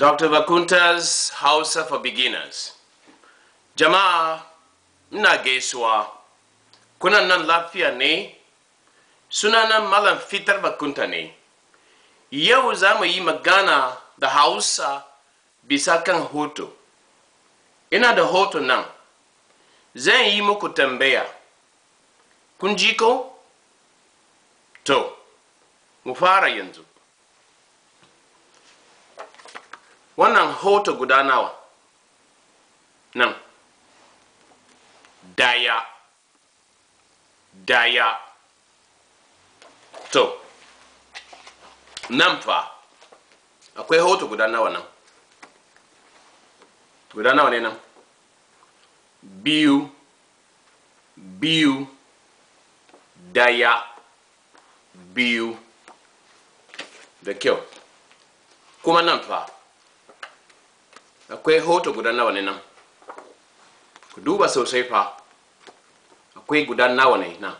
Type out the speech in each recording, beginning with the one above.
Dr. Vakunta's Hausa for Beginners. Jama'a, ina gaisuwa, kuna nan lafiya ne? Suna nan Malam Fitar Vakunta ne. Yau za mu yi magana da Hausa bisa kan hoto. Ina da hoto nan, zan yi muku tambaya. Kun ji ko? To, mu fara yanzu. wannan hoto guda nawa nan daya daya to nan fa akwai hoto guda nawa nan guda nawa ne nan biyu biyu daya biyu da kyau kuma nan fa akwai hoto guda nawa ne nan ku duba sosai fa akwai guda nawa ne nan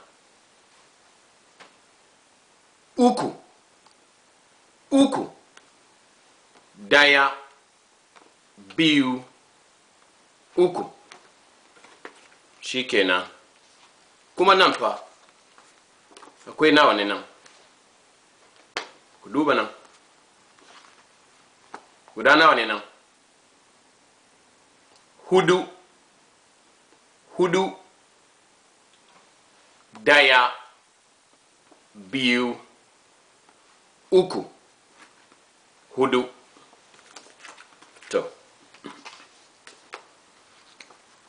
uku uku daya biyu uku shikenan kuma nan fa akwai nawa ne nan ku duba nan guda nawa ne nan hudu hudu daya biu uku hudu to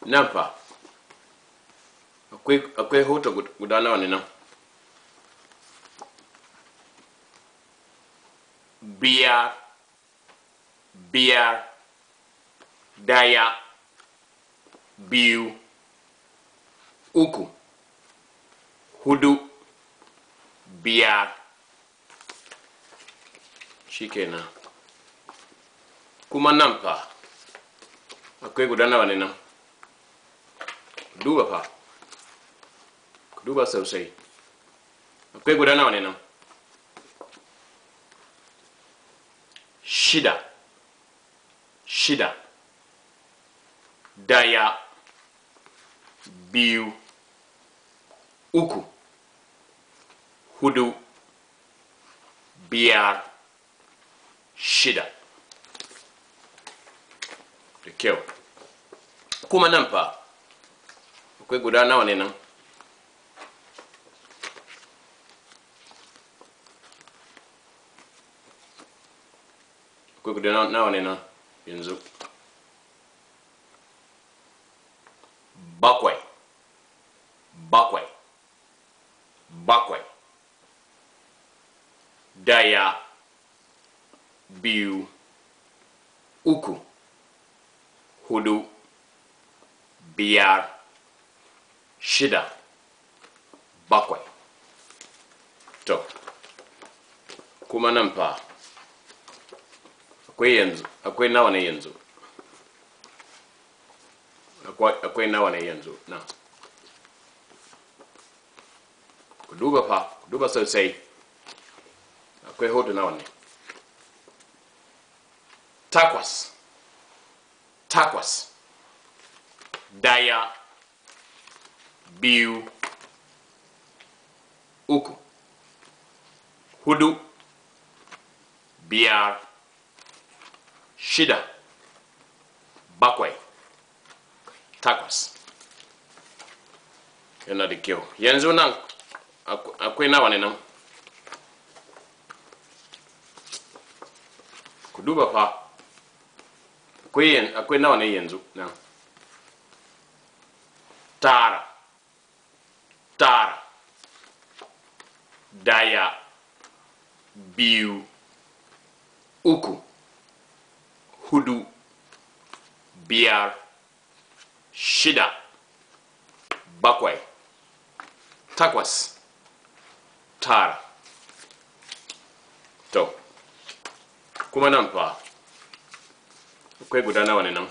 napa akwe akwe hoto guda wani na nan biyar daya biyu uku hudu biyar shikenan kuma nan fa akwai guda nawa ne nan duba fa duba sosai akwai guda nawa ne nan shida shida daya biyu uku hudu biyar shida da kyau kuma nan fa akwai guda nawa ne nan akwai guda nawa ne nan yanzu bakwai daya biu uku hudu biyar shida bakwai to kuma nan fa akwai yanzu akwai nawa ne yanzu akwai nawa ne yanzu na ku duba fa ku duba sosai kwehodo naone takwas takwas daya biu uku hudu bia shida bakwai takwas yana da kyau yanzu nan akwai nawa ne nan ku duba fa akwai nawa ne yanzu nan tara tara daya biyu uku hudu biyar shida bakwai takwas tara to kuma akwai guda nawa ne nan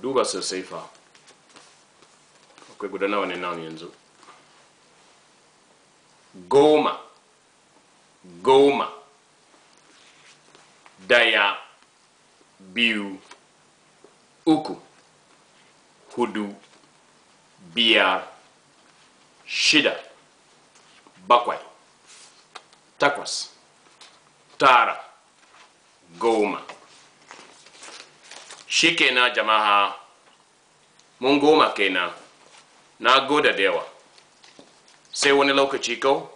duba sosai fa akwai guda nawa ne nan yanzu goma goma daya biyu uku hudu biyar shida bakwai takwas tara goma shi kenan jama'a mun goma kenan na goda da yawa sai wani lokaci kau